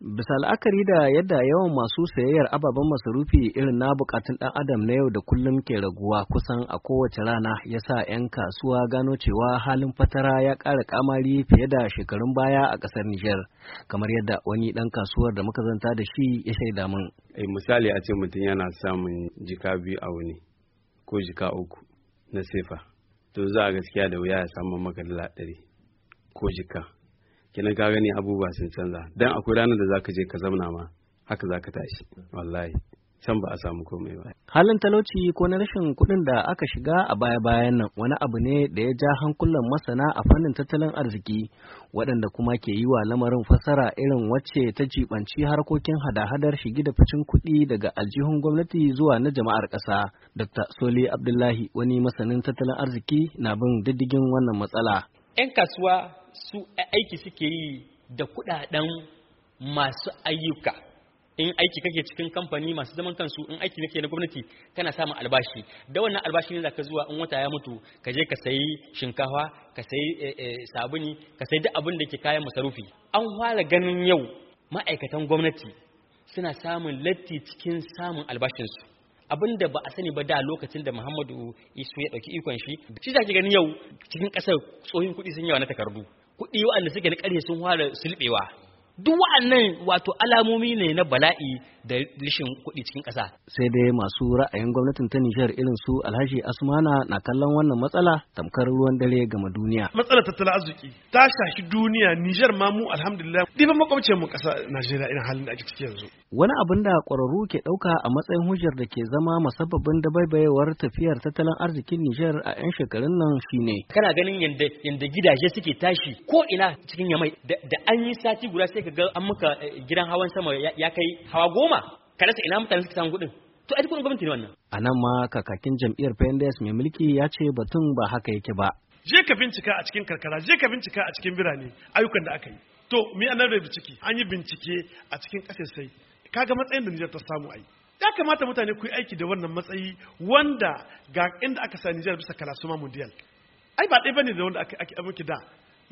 bisa la'akari da yadda yawan masu sayayyar ababen masarufi irin na bukatun dan adam na yau da kullum ke raguwa kusan a kowace rana ya sa 'yan kasuwa gano cewa halin fatara ya kara kamari fiye da shekarun baya a ƙasar nijar kamar yadda wani ɗan kasuwar da muka zanta da shi ya shaida min eh, misali a ce mutum yana samun jika biyu a wani ko jika uku na sefa to za a gaskiya da wuya ya samu maka dala ɗari ko jika kina ka gani abubuwa sun canza dan akwai ranar da zaka je ka zauna ma haka zaka tashi wallahi can ba a samu komai ba. Halin talauci ko na rashin kuɗin da aka shiga a baya-bayan nan wani abu ne da ya ja hankulan masana a fannin tattalin arziki waɗanda kuma ke yi wa lamarin fasara irin wacce ta jibanci harkokin hada-hadar shigi da ficin kuɗi daga aljihun gwamnati zuwa na jama'ar ƙasa. Dr. Soli Abdullahi wani masanin tattalin arziki na bin diddigin wannan matsala. 'Yan kasuwa su aiki suke yi da kudaden masu ayyuka in aiki kake cikin kamfani masu zaman kansu in aiki kake na gwamnati kana samun albashi da wannan albashi ne zaka zuwa in wata ya mutu ka je ka sayi shinkafa ka sayi eh, eh, sabuni ka sayi duk abin da ke kayan masarufi an fara ganin yau ma'aikatan gwamnati suna samun latti cikin samun albashinsu abin da ba a sani ba da lokacin da Muhammadu Isu ya ɗauki ikon shi shi zaki ganin yau cikin ƙasar tsohon kuɗi sun yawa na takardu kuɗi wa'anda suke na ƙarya sun fara sulɓewa duk wa'annan wato alamomi ne na bala'i da lishin kuɗi cikin ƙasa. Sai dai masu ra'ayin gwamnatin ta Nijar irin su Alhaji Asmana na kallon wannan matsala tamkar ruwan dare gama duniya. Matsalar tattalin arziki ta shafi duniya Nijar ma mu alhamdulillah diban makwabcin mu ƙasa Najeriya irin halin da ake ciki yanzu. Wani abin da ƙwararru ke ɗauka a matsayin hujjar da ke zama musabbabin dabaibayewar tafiyar tattalin arzikin Nijar a 'yan shekarun nan shine. Kana ganin yadda gidaje suke tashi ko ina cikin yamai da an yi sati guda sai ga an muka eh, gidan hawan sama ya kai hawa goma ka rasa ina mutane suka samu kudin to ai kuɗin gwamnati ne wannan a nan ma kakakin jam'iyyar PNDS mai mulki ya ce batun ba haka yake ba je ka bincika a cikin karkara je ka bincika a cikin birane ayyukan da aka yi to mi an da bincike, an yi bincike a cikin sai kaga matsayin da Nijar ta samu ai ya kamata mutane ku yi aiki da wannan matsayi wanda ga inda aka sa Nijar bisa kalasuma mundial ai ba dai bane da wanda ake muke da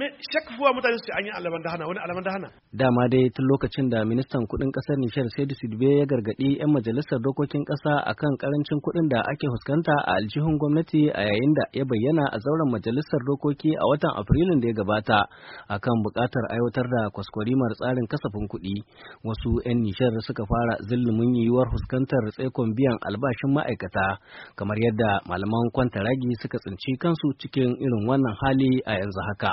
me shak fuwa mutane su alaman dahana wani alaman dahana dama dai tun lokacin da ministan kudin kasar nishar sai sidibe ya gargadi yan majalisar dokokin kasa akan karancin kudin da ake fuskanta a aljihun gwamnati a yayin da ya bayyana a zauren majalisar dokoki a watan afrilun da ya gabata akan bukatar aiwatar da kwaskwarimar tsarin kasafin kuɗi wasu yan nishar suka fara zillumin yiwuwar fuskantar tsaikon biyan albashin ma'aikata kamar yadda malaman kwantaragi suka tsinci kansu cikin irin wannan hali a yanzu haka.